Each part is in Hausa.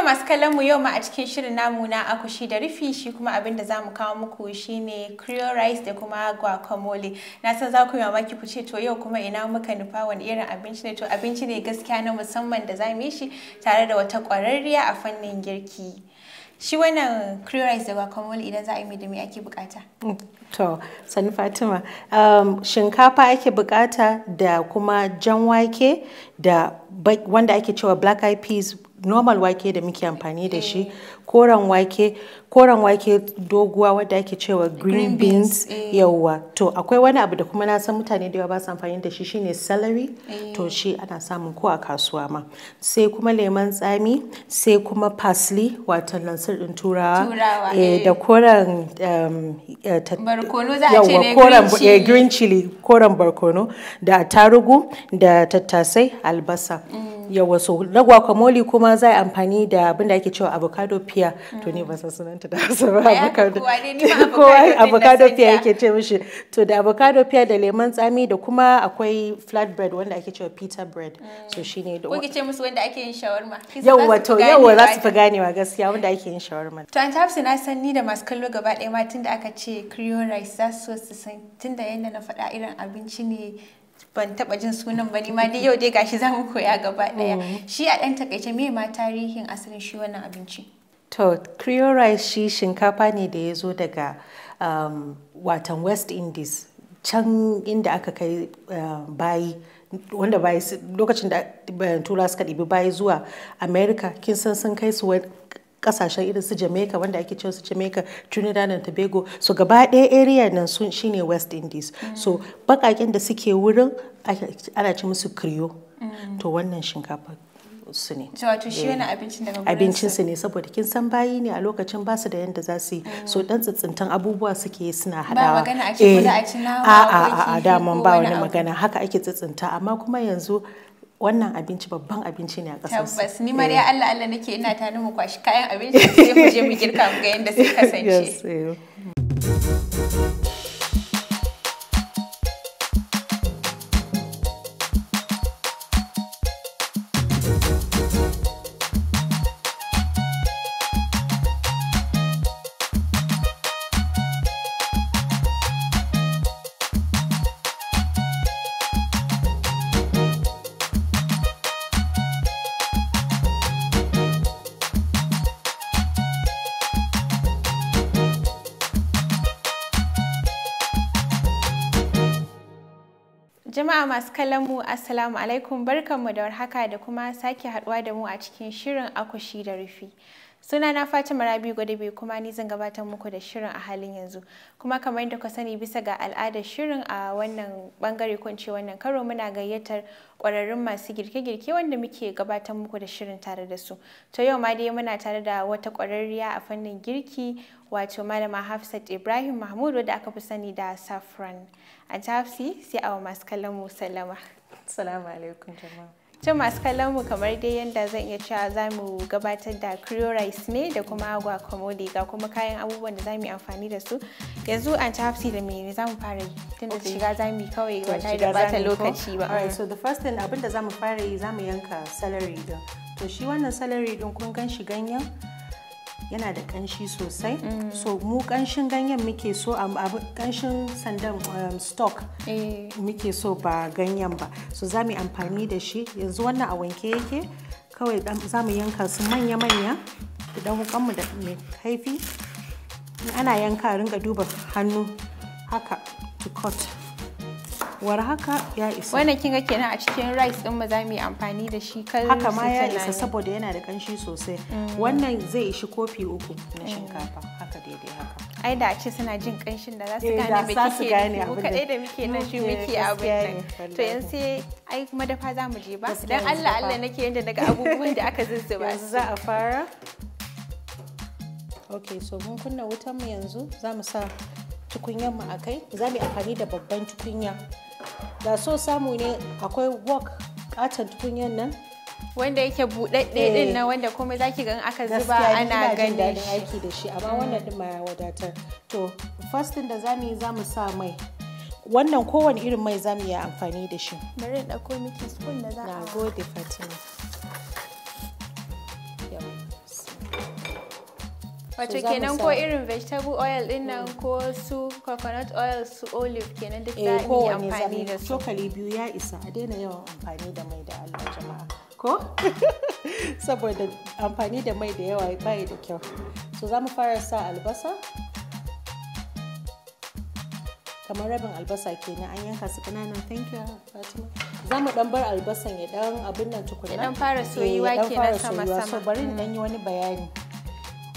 yau masu kallon mu yau ma a cikin shirin namu na akushi da rufi shi kuma abin da zamu kawo muku shine Creole rice da kuma guacamole. Na san za ku yi mamaki ku ce to yau kuma ina muka nufa wani irin abinci ne to abinci ne gaskiya na musamman da zamu yi shi tare da wata kwararriya a fannin girki. Shi wannan Creole rice da guacamole idan za a yi mai da me ake bukata? To, sani Fatima, um, shinkafa ake bukata da kuma jan wake da wanda ake cewa black eyed peas normal wake da muke amfani da shi eh. koren wake koren wake doguwa wadda ake cewa green beans eh. yawwa to akwai wani abu da kuma na san mutane da yawa ba su amfani da shi shine celery eh. to shi ana samun ko a kasuwa ma sai kuma lemon tsami sai kuma parsley wato lansir din turawa eh, da koren um, barkono za koren green chili koren barkono da tarugu da tattasai albasa mm. yawa so ragwa kamoli kuma za a amfani da abin da ake cewa avocado pia to ne ba sunan ta da hausa ba avocado kowa avocado fiya yake ce mishi to da avocado fiya da lemon tsami da kuma akwai flat bread wanda ake cewa pita bread mm. so shine da kuke ce musu wanda ake yin shawarma yawa to yawa za su fi ganewa gaskiya wanda ake yin shawarma to an tafsi na san ni da masu kallo gaba ɗaya ma tunda aka ce creole rice za su wasu su san tunda yanda na faɗa irin abinci ne ban taba jin sunan ba ni ma dai yau dai gashi zamu koya gaba daya mm. shi a ɗan takaice me ma tarihin asalin shi wannan abinci To, Creole rice shi shinkafa ne da ya zo daga um, watan West Indies, can inda aka kai uh, bayi. wanda bayi lokacin da tura suka ɗibi bayi zuwa america kin san sun kai su kasashen irin su jamaica wanda ake cewa su jamaica trinidad and tobago so gaba ɗaya area nan sun shine west indies so bakakin da suke wurin ana ci musu mm. to wannan shinkafa su ne wato shi wani eh, abincin daga abincin su ne saboda kin san bayi ne a lokacin basu da yanda za su yi mm. so dan tsintsintan abubuwa suke suna hadawa ba magana a ce a ci nama a a daman ba wani magana haka ake tsintsinta amma kuma yanzu wannan abinci babban abinci ne a ƙasar tabbas ni ma ya eh. Allah Allah nake ina ta mu kwashi kayan abinci sai mu je mu girka mu ga yadda sai kasance eh. Jama'a masu kallon mu Assalamu alaikum barkanmu da warhaka da kuma sake haduwa da mu a cikin shirin akushi da rufi. suna sunana fatima rabi gwadabe kuma ni zan gabatar muku da shirin a halin yanzu kuma kamar yadda ku sani bisa ga al'adar shirin a wannan bangare ko wannan karo muna gayyatar kwararrun masu girke-girke wanda muke gabatar muku da shirin tare da su to yau ma dai muna tare da wata kwararriya a fannin girki wato malama hafsat ibrahim mahmud wadda aka fi sani da safran a tafsi sai a masu kallon mu salama alaikum tun masu kallon mu kamar dai yadda zan iya cewa za mu gabatar da Creole rice ne da kuma guacamole ga kuma kayan abubuwan da za mu yi amfani da su. Yanzu an ta hafsi da mene za mu fara yi tunda shiga za mu yi kawai ba tare da bata lokaci ba. Alright so the first thing abin da za mu fara yi za mu yanka celery din. To shi wannan celery din kun gan shi ganyen yana da kanshi sosai mm. so mu kanshin ganyen muke so kanshin sandan um, stock eh. muke so ba ganyen ba so za mu amfani da shi yanzu wannan a wanke yake kawai za mu yanka su manya-manya da mu da mai kaifi ana yanka ringa duba hannu haka to cut war haka ya isa wannan kinga kenan a cikin rice din mu za mu yi amfani da shi kan haka ma ya isa saboda yana da kanshi sosai mm. wannan zai ishi kofi uku na mm. shinkafa haka daidai haka ai da a ce suna jin kanshin da za su eh, gane me kike nufi kadai da muke nan shi muke abin nan to yanzu sai ai madafa za mu je ba dan Allah Allah nake yanda daga abubuwan da aka zuzzuba yanzu za a fara ok so mun kunna wutan mu yanzu za mu sa tukunyar mu a kai za mu yi amfani da babban tukunya da so samu ne akwai wok katon tukunyan nan wanda yake buɗaɗɗe din eh. na wanda komai zaki gan aka zuba ana ganin shi aiki da shi amma mm. wannan din ma wadatar to din da zamu yi zamu sa mai wannan kowane irin mai zamu yi amfani da shi bari da komai miki spoon da za a gode Fatima wato kenan ko irin vegetable oil din nan ko su coconut oil su olive kenan duk za a eh, yi amfani da su cokali biyu ya isa a daina yawan amfani da mai da Allah jama'a ko saboda amfani da mai da yawa bai da kyau so za mu fara sa albasa kamar rabin albasa kenan an yanka su kananan thank you Fatima za mu dan bar albasan ya dan abin nan tukuna ya dan fara eh, soyuwa kenan sama sama so bari in dan yi mm. wani bayani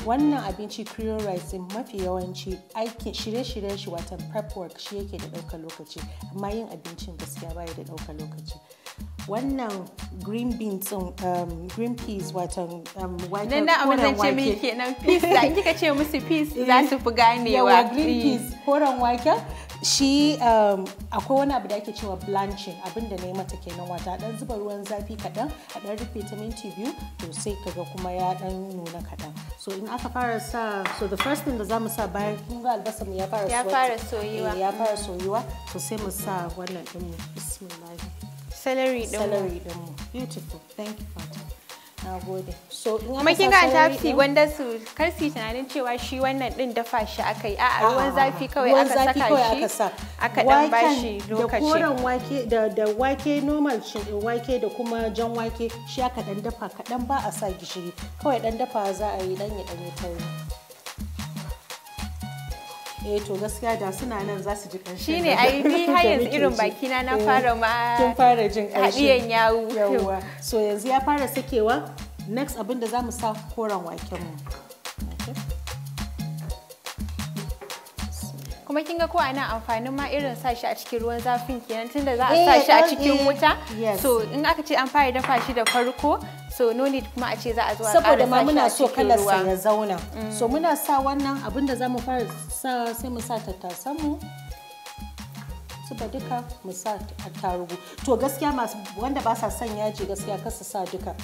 wannan abinci creole rice mafi yawanci aikin shirye-shiryen shi watan prep work shi yake da ɗaukar lokaci amma yin abincin gaskiya baya da ɗaukar lokaci wannan green beans um, um green peas watan um, wake nan na a ce mai kenan peas da kika ce musu peas za su fi ganewa yawa green peas koren wake shi um, akwai wani abu da ake cewa blanching abinda na yi mata kenan wata dan zuba ruwan zafi kaɗan a dan rufe ta minti biyu to sai kaga kuma ya dan nuna kaɗan so in aka fara sa so the first thing da za mu sa bayan kun ga mu ya fara ya fara soyuwa eh, ya fara soyuwa to sai mu sa wannan din mu bismillah celery din mu beautiful thank you Fatima Nagode. So kuma kin ga tafi wanda su kar tunanin cewa shi wannan din dafa shi aka yi a'a ruwan zafi kawai aka saka shi aka dan bashi lokaci. Da koren wake da da wake normal wake da kuma jan wake shi aka dan dafa kadan ba a sa gishiri kawai dan dafa za a yi dan ya dan yi tauri. eh to gaskiya da suna nan za su ji kanshi shine ai ni har yanzu irin bakina na fara ma tun eh, fara jin shi hadiyan yawo yawa so yanzu ya fara sakewa next abin da zamu sa koran waken mu kuma kin ga ko ana amfanin ma irin sa shi a cikin ruwan zafin kenan tunda za a eh, sa shi a oh, cikin eh, wuta so in aka ce an fara dafa shi da farko so no need kuma a ce za a zuwa a saboda ma muna so kalar sa ya zauna mm. so muna sa wannan abin da zamu fara sa sai mu sa tattasan mu ba duka mu sa attarugu to gaskiya masu wanda ba sa son yaji gaskiya kar su sa duka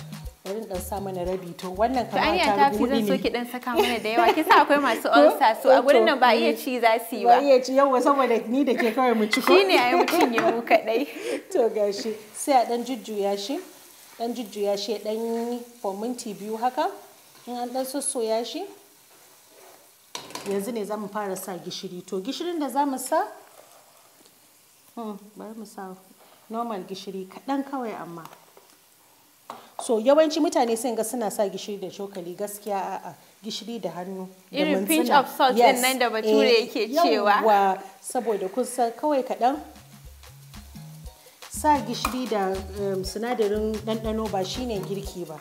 bari dan sa mana rabi to wannan kamar ta ne. To tafi zan so ki dan saka mana da yawa kisa akwai masu ulsa so a eh, gurin nan ba iya ci za su yi ba. Ba iya ci yawa saboda ni da ke kawai mu ci ko. Shine ayi mutun cinye mu kadai. To gashi sai a dan jujjuya shi. dan jujjuya shi dan for minti biyu haka in an dan sossoya shi yanzu ne za mu fara sa gishiri to gishirin da za mu sa hmm, bari mu sa normal gishiri kaɗan kawai amma so yawanci mutane sai ga suna sa gishiri da cokali gaskiya a'a gishiri da hannu irin pinch of salt din nan da bature yake eh, cewa saboda kun sa kawai kaɗan sa gishiri da um, sinadarin ɗanɗano ba shine girki ba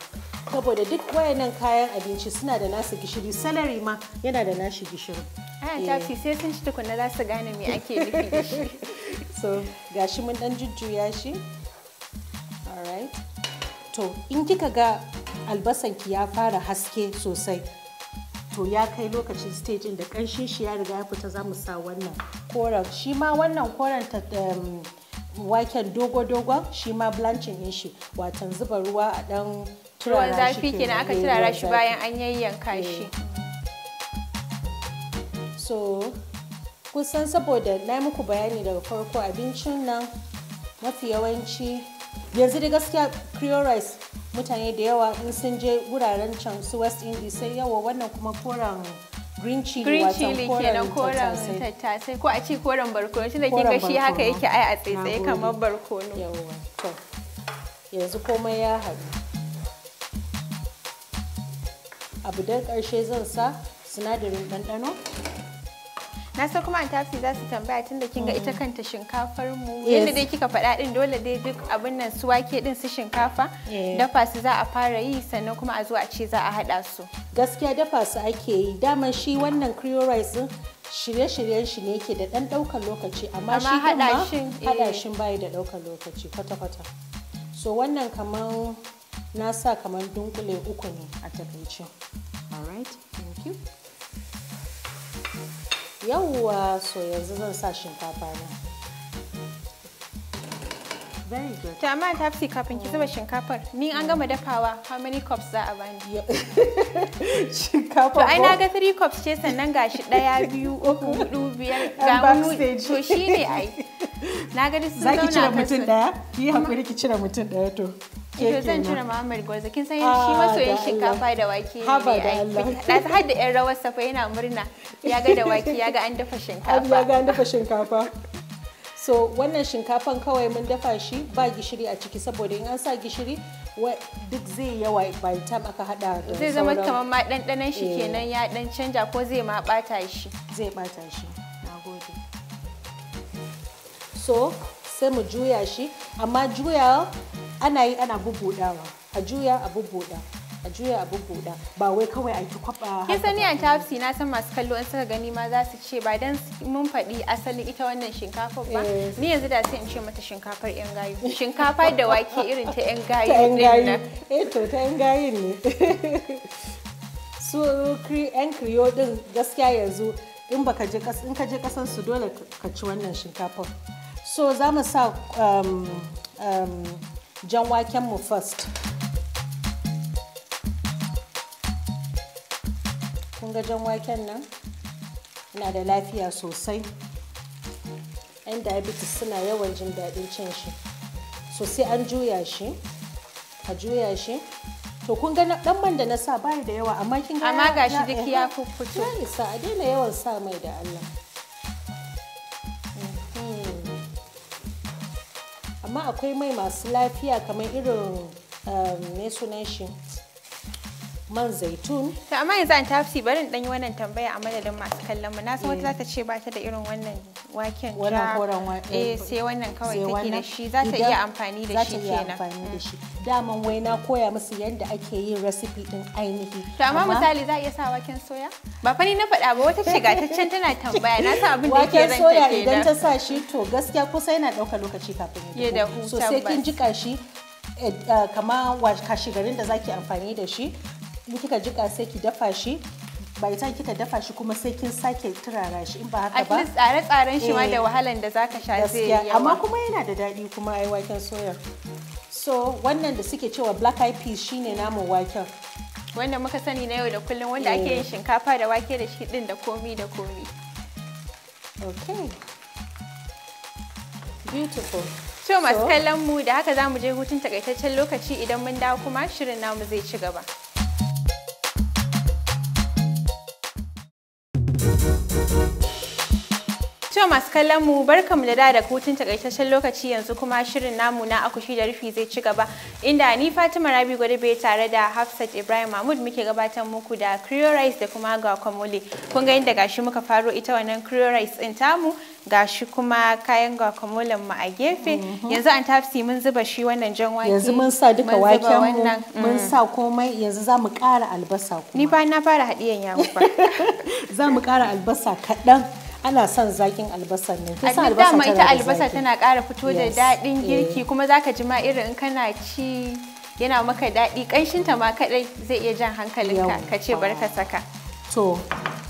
saboda duk wayannan kayan abinci suna da nasu gishiri salari ma yana da nashi gishiri ana tafi eh. sai sun ci tukuna za su gane me ake nufi da shi so gashi mun dan jujjuya shi alright to in kika ga albasan ki ya fara haske sosai to ya kai lokacin stage da kanshin shi ya riga ya fita za mu sa wannan koren shi ma wannan koren ta um, waken dogo-dogon shi ma blanching din shi watan zuba ruwa a dan turara eh, shi zafi kenan aka turara shi bayan an yayyanka eh. shi so kusan saboda na yi muku bayani daga farko abincin nan mafi yawanci yanzu da gaskiya creole rice mutane da yawa in sun je wuraren can su west indies sai yawa wannan kuma koren green chili green chili kenan koren tattasai ko a ce koren barkono shi da kinga shi haka yake ai a tsaitsaye kamar barkono yawa to yanzu komai ya haɗu abu da ƙarshe zan sa sinadarin ɗanɗano na san kuma an tasi za su tambaya tun da kin ga ita mm. kanta shinkafar mu yadda dai kika faɗa din dole dai duk abin nan su wake din su shinkafa dafa su za a fara yi sannan kuma a zo a ce za a haɗa su gaskiya dafa su ake yi daman shi wannan creole rice din shirye-shiryen shi ne ke da ɗan ɗaukar lokaci amma shi shin haɗa eh. shin bayi da ɗaukar lokaci kwata-kwata so wannan kaman na sa kamar dunkule uku ne a takaice alright thank you yawwa so yanzu zan sa shinkafa na ta good. To amma kafin ki zuba shinkafar, ni an gama dafawa how many cups za a bani? Shinkafa. To ai na ga 3 cups ce sannan gashi ɗaya biyu uku hudu biyar ga wani to shine ai. Na ga sun zauna. Za ki cire mutum ɗaya? Ki hakuri ki cire mutum ɗaya to. Ke zan cire Muhammad Gwarza kin san ah, shi masoyin shinkafa da wake ne ai. Na ta hadda yan rawar safa yana murna ya ga da wake ya ga an dafa shinkafa. Ya ga an dafa shinkafa. So wannan shinkafan kawai mun dafa shi ba gishiri a ciki saboda in an sa gishiri duk zai yawa by the time aka hada da Zai zama kamar ma ɗanɗanon shi eh. kenan ya ɗan canja ko zai ma ɓata shi. Zai ɓata shi. Nagode. So sai mu juya shi amma juya ana yi ana bubbudawa a juya a bubbuda a juya a bubbuda ba wai kawai a yi kwaba kin sani an tafsi na san masu kallo an suka gani ma za su ce ba dan mun faɗi asali ita wannan shinkafa ba eh. ni yanzu da sai in ce mata shinkafar yan gayu shinkafa da wake irin ta yan gayu ta yan gayu eh to ta yan gayu ne su yan kriyo din gaskiya yanzu in baka je in ka je kasan su dole ka ci wannan shinkafa so za mu sa um, um, jan waken mu first kun ga jan waken nan yana da lafiya sosai 'yan diabetes suna yawan jin daɗin cin shi so sai an juya shi a juya shi to kun ga dan man da na sa bayi da yawa amma kin ga amma gashi duk eh, ya fuffuto isa a daina yawan sa mai da Allah amma akwai mai masu lafiya kamar irin eh, mai sunan shi man zaitun. To amma yanzu an tafsi barin dan yi wannan tambaya a madadin masu kallon mu. Na san wata zata ce ba ta da irin wannan waken Wannan horon waken. Eh sai wannan kawai take da shi za ta iya amfani da shi kenan. Zata iya amfani da mm. shi. Daman wai na koya musu yadda ake yin recipe din ainihi. To amma misali za a iya sa waken soya? Ba fa ni na faɗa ba wata ce gataccen tana tambaya na san abin da yake ranta kenan. Waken soya idan ta sa shi to gaskiya kusa yana ɗaukar lokaci kafin ya dahu. So sai kin jika shi eh, eh, kama garin da zaki amfani da shi in kika jika sai ki dafa shi bai ta kika dafa shi kuma sai kin sake turara shi in ba haka ba. At tsare-tsaren shi ma da eh, wahalan da zaka sha zai yi yawa. Amma kuma yana da daɗi kuma ai waken soya. So wannan da suke cewa black eye peas shine namu waken. wannan muka sani na yau da kullum wanda ake yin eh. shinkafa da wake da shi din da komi da komi. Okay. Beautiful. To masu kallon mu da haka za mu je hutun takaitaccen lokaci idan mun dawo kuma shirin namu zai ci gaba. To masu kallon mu barkamu da da kutun takaitaccen lokaci yanzu kuma shirin namu na akushi da rufi zai ci gaba inda ni Fatima Rabi bai tare da Hafsat Ibrahim Mahmud muke gabatar muku da Creole Rice da kuma guacamole. Kun ga inda gashi muka faro ita wannan Creole Rice din tamu gashi kuma kayan guacamolen mu a gefe. Mhm. Yanzu an tafsi mun zuba shi wannan jan wake. Yanzu mun sa duka waken mu mun mm. sa komai yanzu za mu kara albasa kuma. Ni ba na fara haɗiyan yawo ba. Za mu kara albasa kaɗan. ana son zakin albasa ne kin san albasa tana ita albasa tana ƙara fito da daɗin eh. girki kuma zaka ji ma irin in kana ci yana maka daɗi ƙanshinta ma kaɗai zai iya jan hankalinka ka ce barka saka to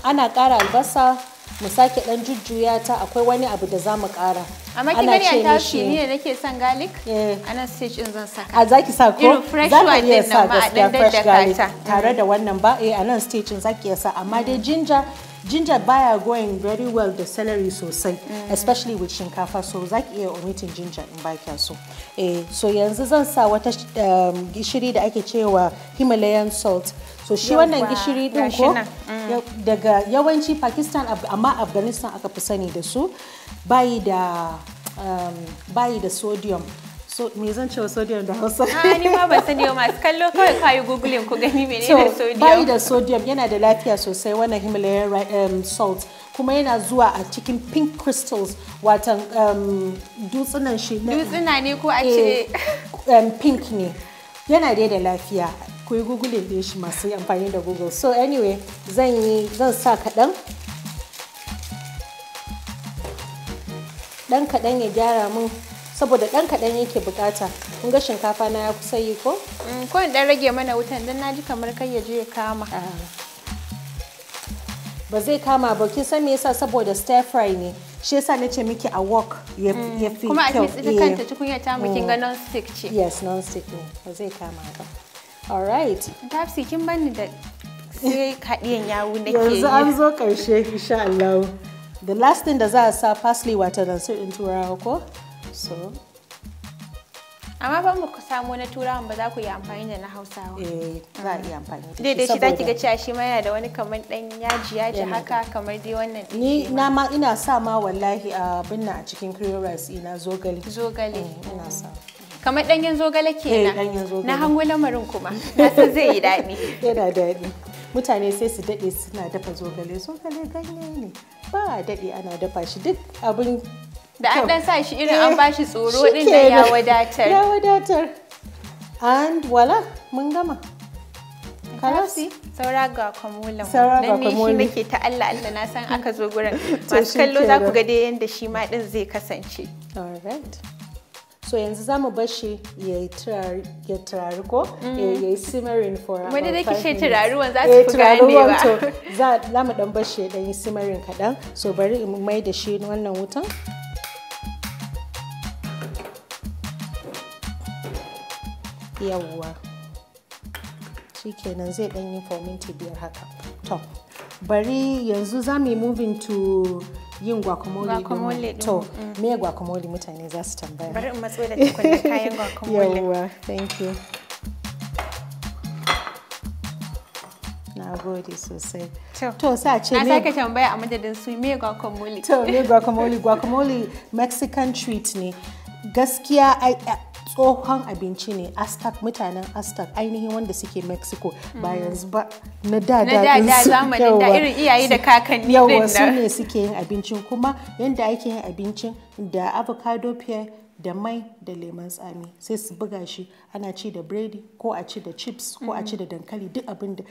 ana ƙara albasa mu sake dan jujjuya ta akwai wani abu da za mu kara. Amma kin gani an tashi ne nake son garlic? Eh. A nan stage in zan saka. A zaki sa ko? Irin fresh one din nan ma a daddaka ta. Tare mm. da wannan ba eh a nan stage in zaki ya sa amma dai mm. ginger ginger baya going very well da celery sosai especially with shinkafa so za ki iya omitin ginger in ba kya so eh so yanzu zan sa wata um, gishiri da ake cewa himalayan salt so shi wannan gishiri din ko daga yawanci pakistan amma afghanistan aka fi sani da su bayi da um, bayi da sodium me zan cewa sodium da hausa a ah, ni ma ban sani masu kallo kawai kayi googling ku gani menene sodium bai da sodium yana da lafiya sosai wannan himalayan um, salt kuma yana zuwa a cikin pink crystals watan um, dutsunan shi dutsuna ne ko a ce eh, um, pink ne yana dai da lafiya ku yi googling da shi masu amfani da google so anyway zan yi zan sa kaɗan dan kaɗan ya gyara mun. saboda ɗan kaɗan yake bukata kun ga shinkafa na ya kusa yi ko? Mm, ko in ɗan rage mana wutan don naji kamar kai ya je ya kama ah. ba zai kama ba kin san me yasa saboda stir fry ne shi yasa na ce miki a wok ya fi kyau kuma a ita kanta eh. tukunya ta mu kin ga mm. non stick ce yes non stick ne ba zai kama ba all right tafsi kin bani da sai kadiyan yawo nake yanzu an zo ƙarshe insha Allah the last thing da za a sa parsley water dan su in turawa ko so amma ban ku samu na turawan ba za ku yi amfani da na hausawa eh za a iya amfani da dai daidai shi zaki ga cewa shi ma yana da wani kamar dan yaji yaji haka kamar dai wannan ni na ma ina sa ma wallahi a binna a cikin creole rice ina zogale zogale eh, ina sa kamar ɗanyen zogale ke eh, na hango lamarin kuma na san zai yi daɗi yana daɗi mutane sai su daɗe suna dafa zogale zogale ganye ne ba a daɗe ana dafa shi duk abin da an dan sa shi irin an eh, bashi tsoro din da ya wadatar ya wadatar and wala mun gama kalasi saura ga kwamulan saura ga kwamulan ne shi nake ta Allah Allah na san aka zo gurin masu kallo za ku ga dai yanda shi ma din zai kasance alright so yanzu za mu bar shi ya yi turari ko mm. ya yi simmering for about wani da kishe turaruwan za su eh, fi ganewa to za mu dan bar ya dan yi simmering kaɗan so bari in mai da shi wannan wutan shi kenan zai ɗan yi for minti biyar haka to bari yanzu za mu yi moving to yin guacamole to mm. me guacamole mutane za su tambaya bari in matso da tukunna kayan guacamole Yawuwa, thank you na gode sosai to sa ce na sake tambaya a madadin su me guacamole to me guacamole guacamole mexican treat ne gaskiya tsohon abinci ne aztec mutanen aztec ainihin wanda suke mexico ba hmm. yanzu ba na da da da irin iyaye da kakanni yawa su ne suke yin abincin kuma yanda ake yin abincin da avocado pear da mai da lemon tsami sai su buga shi ana ci da biredi ko a ci da chips ko a ci da mm-hmm. dankali duk abin da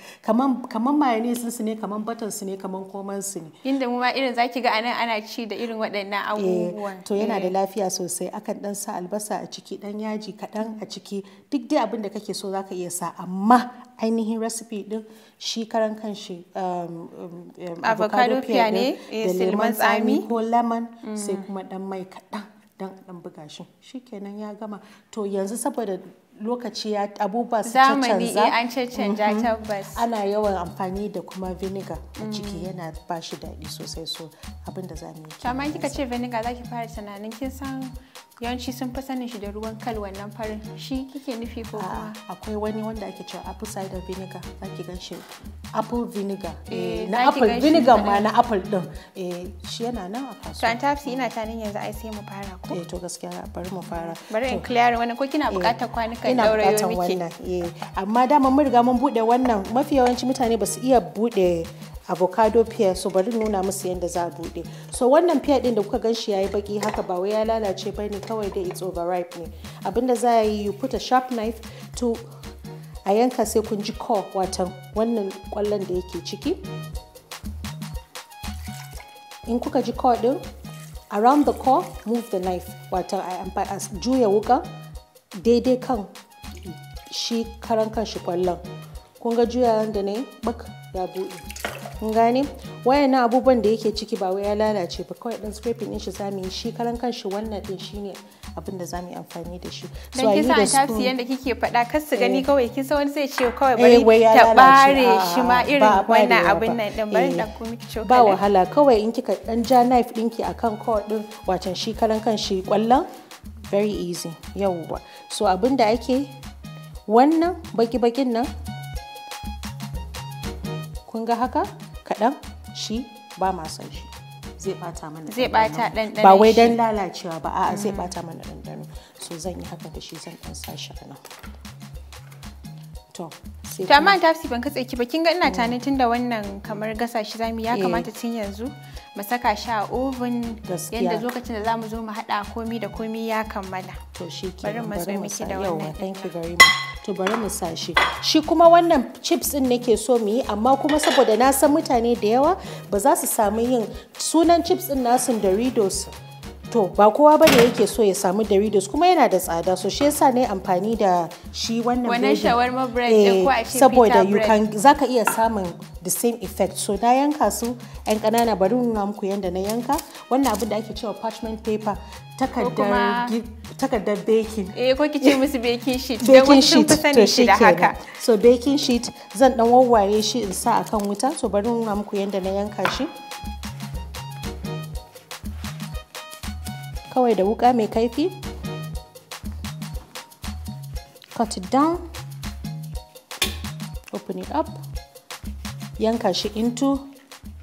kaman mayonnaise su ne kaman butter su ne kaman koman su ne inda mu ma irin zaki ga anan ana ci da irin waɗannan eh, abubuwan to yana da eh. lafiya sosai akan dan sa albasa a ciki dan yaji kaɗan a ciki duk dai abin da kake so zaka iya sa amma ainihin recipe din shi karan kanshi um, um, um, avocado pia ne eh, da lemon tsami ko lemon sai mm. kuma dan mai kaɗan don a ɗan buga shi shikenan ya gama to yanzu saboda lokaci ya abubuwa su caccanza eh, an canja mhm, tabbas ana yawan amfani da kuma vinegar a ciki mm. yana ba shi daɗi sosai so abinda za mu yi kika ce vinegar zaki fara tunanin kin san yawanci sun fi sanin shi da ruwan kal wannan farin shi kike nufi ko kuma ah, akwai wani wanda ake cewa apple cider vinegar zaki gan shi apple vinegar eh, eh, na apple vinegar ma na apple din eh, shi yana nan a kasuwa to tafi ina tanin yanzu ai sai mu fara ko eh to gaskiya bari mu fara bari in clear wannan ko kina bukatar kwanukan yau miki ina bukatar wannan eh amma dama mun riga mun bude wannan mafi yawanci mutane ba su iya bude avocado pear so bari nuna musu yadda za a bude so wannan pear din da kuka gan shi yayi baki haka ba wai ya lalace ba ne kawai dai it's overripe ne abinda za a yi you put a sharp knife to a yanka sai kun ji core watan wannan kwallon da yake ciki in kuka ji core din around the core move the knife watan a juya wuka daidai kan shi karan kan shi kwallon kun ga juya da ne bak ya buɗe kun gane na abubuwan da yake ciki ba wai ya lalace ba kawai dan scraping din shi zamu yi shi karan kanshi wannan din shine abin da zamu yi amfani da shi so ayi da su yanda kike faɗa kar su gani eh. kawai kisa wani zai ce kawai bari eh, ta bare shi ma irin wannan abin nan din bari dan eh. miki ki ba wahala kawai in kika dan ja knife dinki akan kawai din wacan shi karan kanshi kwallon very easy yawwa so abin da ake wannan baki-bakin nan kun ga haka kaɗan shi ba ma son shi zai bata mana zai bata ɗanɗano ba wai dan lalacewa ba a'a zai bata mm. mana ɗanɗano so zan yi haka da shi zan ɗan sa shi a nan to to amma ta fi ban katse ki ba kin ga ina mm. tani tun da wannan kamar gasa shi zamu ya eh. kamata tun yanzu mu saka shi a oven yanda lokacin da zamu zo mu hada komi da komi ya kammala to shi ke bari mu miki da wannan thank you very much to bari mu sa shi kuma wannan chips din nake so mu yi amma kuma saboda na san mutane da yawa ba za su samu yin sunan chips din nasu Doritos to ba kowa ba ne yake so ya samu Doritos kuma yana da tsada so shi yasa ne amfani da shi wannan wannan shawarma bread din ko a ce eh, saboda you can zaka iya samun the same effect so na yanka su yan kanana bari nuna muku yanda na yanka wannan abin da ake cewa parchment paper takardar takardar baking eh ko ki ce musu baking sheet dan wasu sun fi sani shi da haka so baking sheet zan dan wawware shi in sa akan wuta so bari nuna muku yadda na yanka shi kawai da wuka mai kaifi cut it down open it up yanka shi into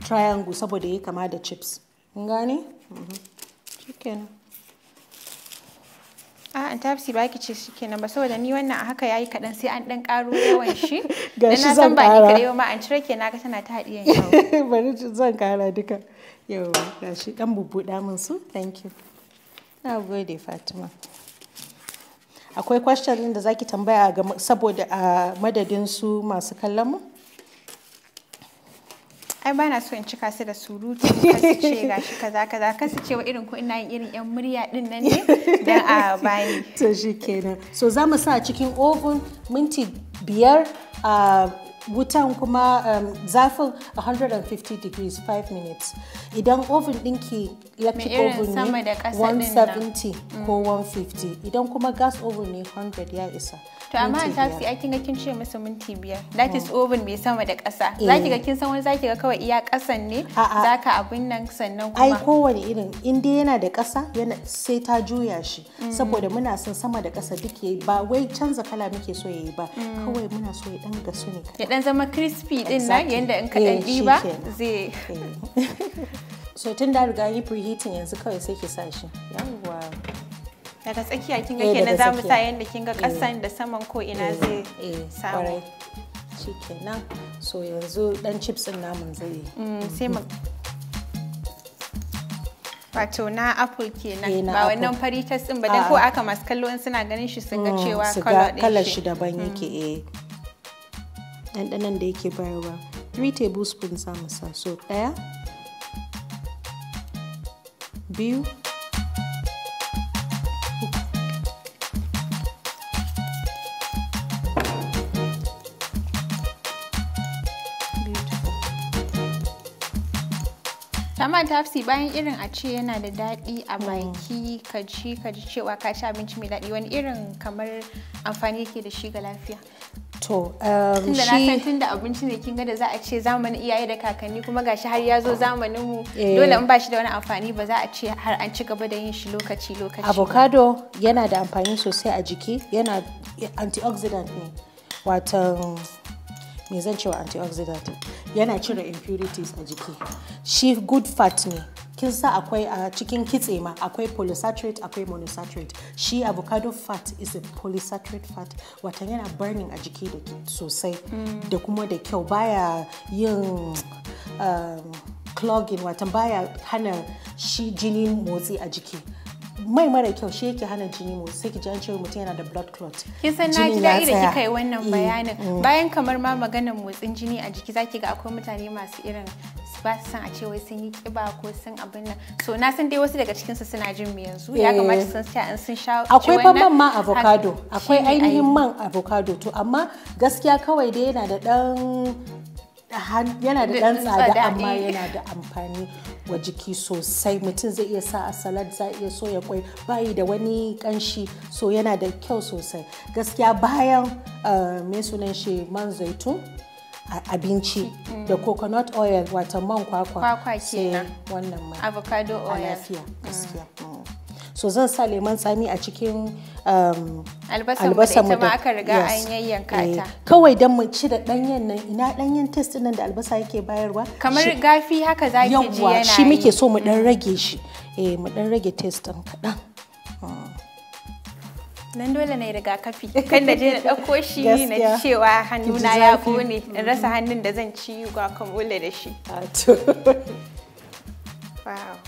triangle saboda ya kama da chips gane? Mm -hmm. A'a tafsi ba ki ce shi kenan ba saboda ni wannan a haka yayi kaɗan sai an ɗan ƙaro yawan shi. Ga shi zan Dan na san ba ni kaɗai ma an cire kenan na ga tana ta haɗiyan yau. Bari zan kara duka. Yau ga shi ɗan bubbuɗa min su. Thank you. Na gode Fatima. Akwai question din da zaki tambaya ga saboda a madadin su masu kallon mu? ai ba na so in cika su da surutu kasu ce ga shi kaza kaza kasu cewa irin ko ina yin irin yan murya din nan ne dan a bani to shi kenan so za mu sa cikin oven minti biyar a wutan kuma um, zafin 150 degrees 5 minutes idan oven dinki electric oven ne 170 ko 150 idan kuma gas oven ne 100 ya isa to amma a taxi ai kin ga kin ce musu minti biyar that is oh. oven mai sama da ƙasa eh. zaki ga kin san wani zaki ga kawai iya ƙasan ne zaka abin nan sannan kuma ai kowane irin in dai yana da ƙasa yana sai ta juya shi mm. saboda muna son sama da ƙasa duk yayi ba wai canza kala muke so yayi ba mm. kawai muna so ya dan gasu ne ya dan zama crispy din nan yanda in ka dan eh, ba zai eh. so tun da riga yi preheating yanzu kawai sai ki sa shi daga tsakiya kin ga eh, kenan za mu sa yanda kin ga kasan eh. da saman ko ina eh, zai samu shikenan so yanzu dan chips din namun zai mm, sai mu wato na apple kenan ba wannan fari ta tsin ba dan ah. ko aka masu kallo in suna ganin shi sun ga mm, cewa kalar shi daban mm. yake eh ɗanɗanon da yake bayarwa 3 tablespoons za mu sa so ɗaya biyu Amma tafsi bayan irin a ce yana da daɗi a mm. baki ka ci ka ji cewa ka ci abinci mai daɗi wani irin kamar amfani yake da shi ga lafiya. To, um, tunda na san tunda abinci ne kin ga da za a ce zamanin iyaye da kakanni kuma gashi har ya zo zamanin mu eh. dole in ba shi da wani amfani ba za a ce har an ci gaba da yin shi lokaci lokaci. Avocado yana da amfani sosai a jiki yana antioxidant ne watan me zan cewa antioxidant yana cire impurities a jiki shi good fat ne kin sa akwai a cikin kitse ma akwai polysaturate akwai monosaturate shi avocado fat is a polysaturate fat watan yana burning a jiki da sosai mm. da kuma da kyau baya yin um, clogging watan baya hana shi jinin motsi a jiki mai mara kyau shi yake hana jini mu sai ki ji an cewa mutum yana da blood clot kin san na ji dai da kika yi wannan eh, bayanin eh. bayan kamar ma maganar motsin jini a jiki zaki ga akwai mutane masu irin ba su san a ce wai sun yi kiba ko sun abin nan so na san dai wasu daga cikin su suna jin mu yanzu ya eh. kamata sun sa an sun sha akwai ban ma avocado akwai ainihin man avocado to amma gaskiya kawai dai yana da dan yana da dan tsada amma yana da amfani wa jiki sosai mutum zai iya sa a salad za iya soya kwai bayi da wani kanshi so yana da kyau sosai gaskiya bayan eh, mai sunan shi man zaitun abinci da coconut oil wata man kwakwa sai wannan man avocado oil lafiya gaskiya mm. so zan sa lemon tsami a cikin um, albasa mu da aka riga an yayyanka eh, ta kawai dan mu ci da danyen nan ina danyen test nan da albasa yake bayarwa kamar gafi haka zaki ji yana shi muke so mu dan mm. rage shi eh mu dan rage test din kadan mm. nan dole na yi rigakafi kan da je na ɗauko shi na cewa hannuna ya ƙone in rasa hannun da zan ci guacamole da shi. Ah, wow.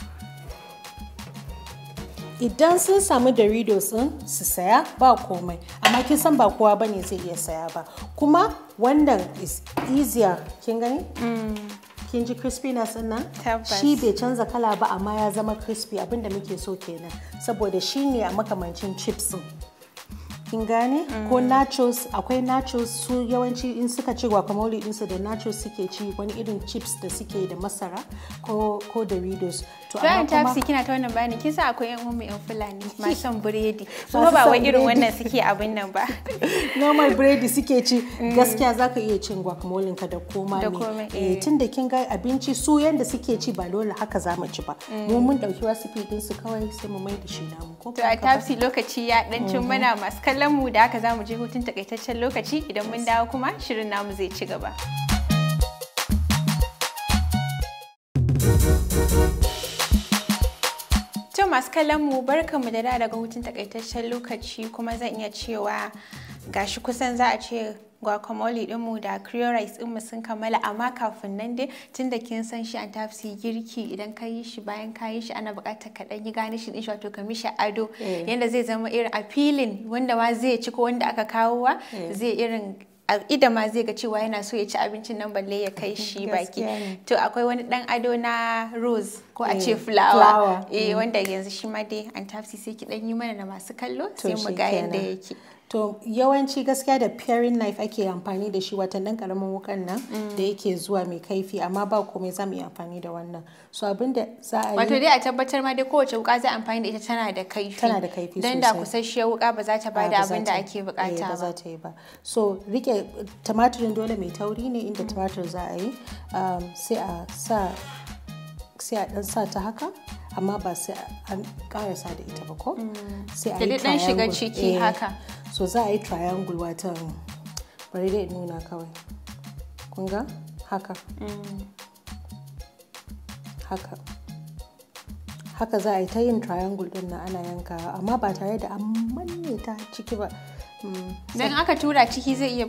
idan sun samu da sun su saya ba komai amma kin san ba kowa ba ne zai iya saya ba kuma wannan is easier kin gani mm. kin ji crispy na nan shi bai canza kala ba amma ya zama crispy abinda muke so kenan saboda shi ne a makamancin chips kin gane ko mm. nachos akwai nachos su yawanci in suka ci guacamole ɗinsu da nachos suke ci wani irin chips da suke da masara ko da doritos to amma kuma taxi kina ta wannan bayani kin sa akwai yan umu yan fulani Ma son biredi su ba wa irin wannan suke abin nan ba normal biredi suke ci mm. gaskiya zaka iya cin guacamole ka da koma ne eh, eh tunda kin ga abinci su yanda suke ci ba dole haka za mu ci ba mu mm. mun dauki wasu din su kawai sai mu mai da shi namu ko to a taxi lokaci ya dan cin mana masu kallon mu da haka za mu je hutun takaitaccen lokaci idan mun dawo kuma shirin namu zai ci gaba. To masu kallon mu barkanmu da da daga hutun takaitaccen lokaci kuma zan iya cewa gashi kusan za a ce guacamole dinmu da creole rice dinmu sun kammala amma kafin nan dai tun da kin san shi an fi girki idan ka yi shi bayan ka yi shi ana bukatar ka ɗan yi ganishin din shi wato ka mishi ado eh. yanda zai zama irin appealing wanda wa zai ci ko wanda aka kawo wa eh. zai irin ida ma zai ga cewa yana so ya ci abincin nan balle ya kai shi baki to akwai wani dan ado na rose ko a ce eh, flower. eh mm. wanda yanzu shi ma dai an tafsi sai ki dan yi mana na masu kallo sai mu ga yanda yake to yawanci gaskiya da paring knife ake amfani da shi watannin dan karamin wukan nan mm. da yake zuwa mai kaifi amma ba komai za mu yi amfani da wannan so abin da za a yi wato dai a tabbatar ma dai kowace wuka za a amfani da ita tana da kaifi tana da kaifi dan da kusasshiyar wuka ba za ta bada abin da ake bukata eh, ba za ta yi ba so rike tumatirin dole mai tauri ne inda mm. tumatir za a yi um, sai a sa sai a dan sa ta haka amma ba sai an karasa da ita ba ko mm. sai a yi kayan shiga ciki eh. haka so za a yi triangle watan bari dai nuna kawai kunga haka mm. haka haka za a yi ta yin triangle din na ana yanka amma ba tare da an manne ta ciki ba mm. don aka tura ciki zai iya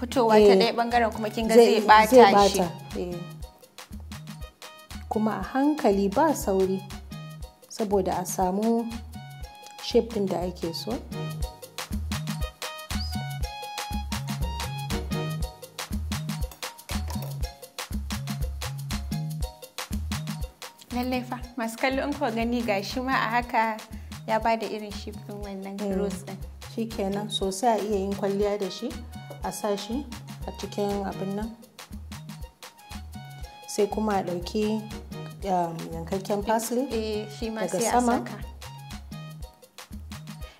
fitowa ta eh, ɗaya bangaren kuma kinga zai bata shi eh. kuma a hankali ba sauri saboda a samu shape din da ake so. lallai fa masu kallo in kuwa gani ga shi ma a haka ya ba da irin shi wannan mm. rose din shi kenan sosai a iya yin kwalliya da shi a sa shi a cikin abin nan sai kuma a ɗauki um, yankakken parsley eh, daga sama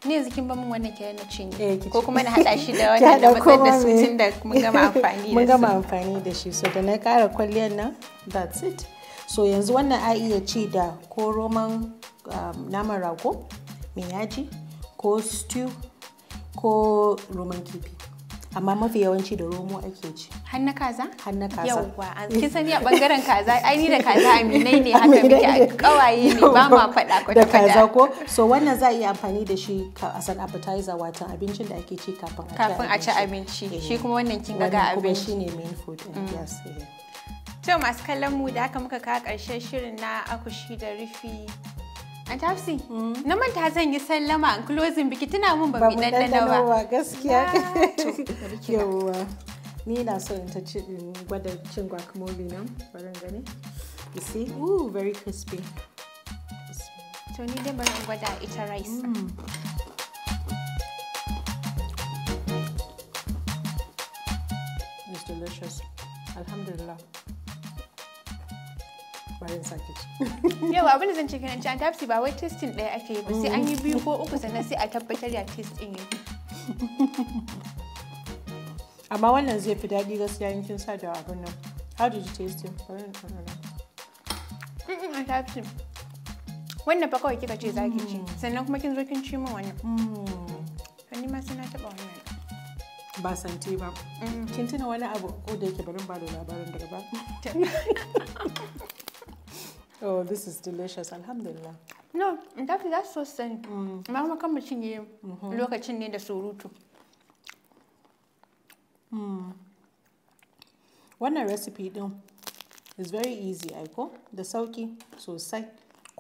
ne zikin ba mu wannan kiran na cinye eh, ko kuma na hada shi da wannan da matsayin da sutin tun da mun gama amfani da su mun gama amfani da shi so da na kara kwalliyar nan that's it so yanzu wannan a iya ci da ko roman um, naman rago mai yaji ko stew ko roman kifi amma mafi yawanci da romo ake ci har na kaza har na kaza yauwa sani a bangaren kaza ai ni da kaza aminai ne haka muke kawaye ne ba ma faɗa ko da kaza ko so wannan za a iya amfani da shi as an appetizer watan abincin da ake ci kafin a ci abinci shi eh. kuma wannan kin ga abinci ne main food mm. yes eh. To masu kallon mu da aka muka ka ƙarshen shirin na akushi da rufi. a tafsi, hmm? na manta zan yi sallama in closing biki tana mun babu mu ɗanɗana ba. Ba gaskiya. Ah, Yawwa. Ni na so in ta ci gwada cin guacamole nan, bari gani. You see? Ooh, very crispy. To ni dai bari in gwada ita rice. Hmm. It's delicious. Alhamdulillah. bayan sake ci. Yau abin da zan ce kenan an tafsi ba wai testing ɗaya ake yi ba sai an yi biyu ko uku sannan sai a tabbatar ya test ɗin yi. Amma wannan zai fi daɗi gaskiya in kin sa da abin nan. How did you taste it? Bari in ɗan nan. An tafsi. Wannan fa kawai kika ce za ki ci mm. sannan kuma kin zo kin ci min wannan. Wani mm. ma sai na taɓa wannan. ba sante ba. Mm. Kin tuna wani abu ko da yake barin ba da labarin daga ba. Oh, this is delicious. Alhamdulillah. No, that, that's so sent. Mm. kuma kan mutum ne lokacin ne da surutu. Wannan recipe din is very easy, aiko? Da sauki sosai.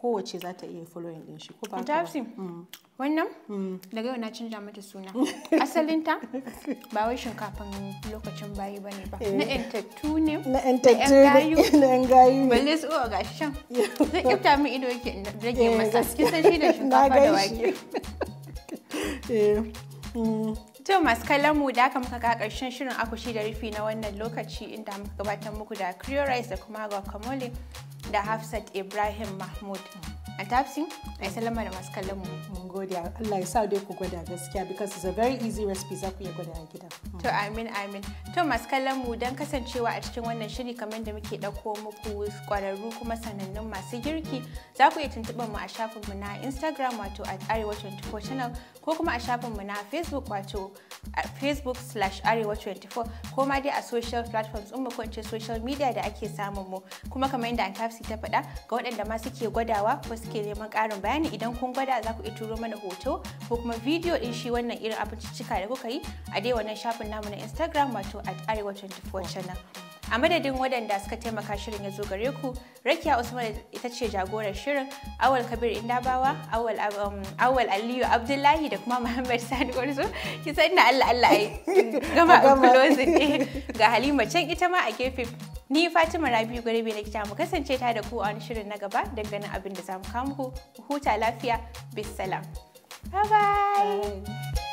kowace za ta iya following din shi ko ba ta mm. wannan mm. daga yau na canja mata suna asalinta ba wai shinkafin lokacin bayi ba ne ba eh. na entattu ne na entattu ne na yan gayu balle su uwa gashi can zai kyauta min ido yake rage eh, masa kin san shi da shinkafa da wake eh, mm. To masu kallon mu da aka muka ga karshen shirin akushi da rufi na wannan lokaci inda muka gabatar muku da Creole Rice da kuma guacamole da Hafsat Ibrahim Mahmud. A tafsi, yi salama da masu kallon mu. Mun gode Allah ya sa dai ku gwada gaskiya because it's a very easy recipe za ku iya gwada a gida. To amin amin. To masu kallon mu don kasancewa a cikin wannan shiri kamar da muke ɗauko muku kwararru kuma sanannun masu girki za ku iya tuntuɓar mu a mu na Instagram wato at Arewa 24 channel ko kuma a mu na Facebook wato a facebook slash arewa 24 ko ma dai a social platforms in ko ce social media da ake samun mu kuma kamar yadda ta faɗa ga waɗanda ma suke gwadawa ko suke neman ƙarin bayani idan kun gwada za ku iya turo mana hoto ko kuma video ɗin shi wannan irin abinciccika da kuka yi a dai wannan shafin namu na instagram wato a arewa 24 channel a madadin waɗanda suka taimaka shirin ya zo gare ku rakiya usman ita ce jagorar shirin awal kabir indabawa awal um, aliyu abdullahi da kuma muhammad sani gwarzo ki san na allah allah ai gama kulozi ne ga halima can ita ma a gefe ni fatima rabiu garbe na kita mu kasance ta da ku a wani shirin na gaba dangane abin da za mu kawo mu huta lafiya bisalam bye, bye.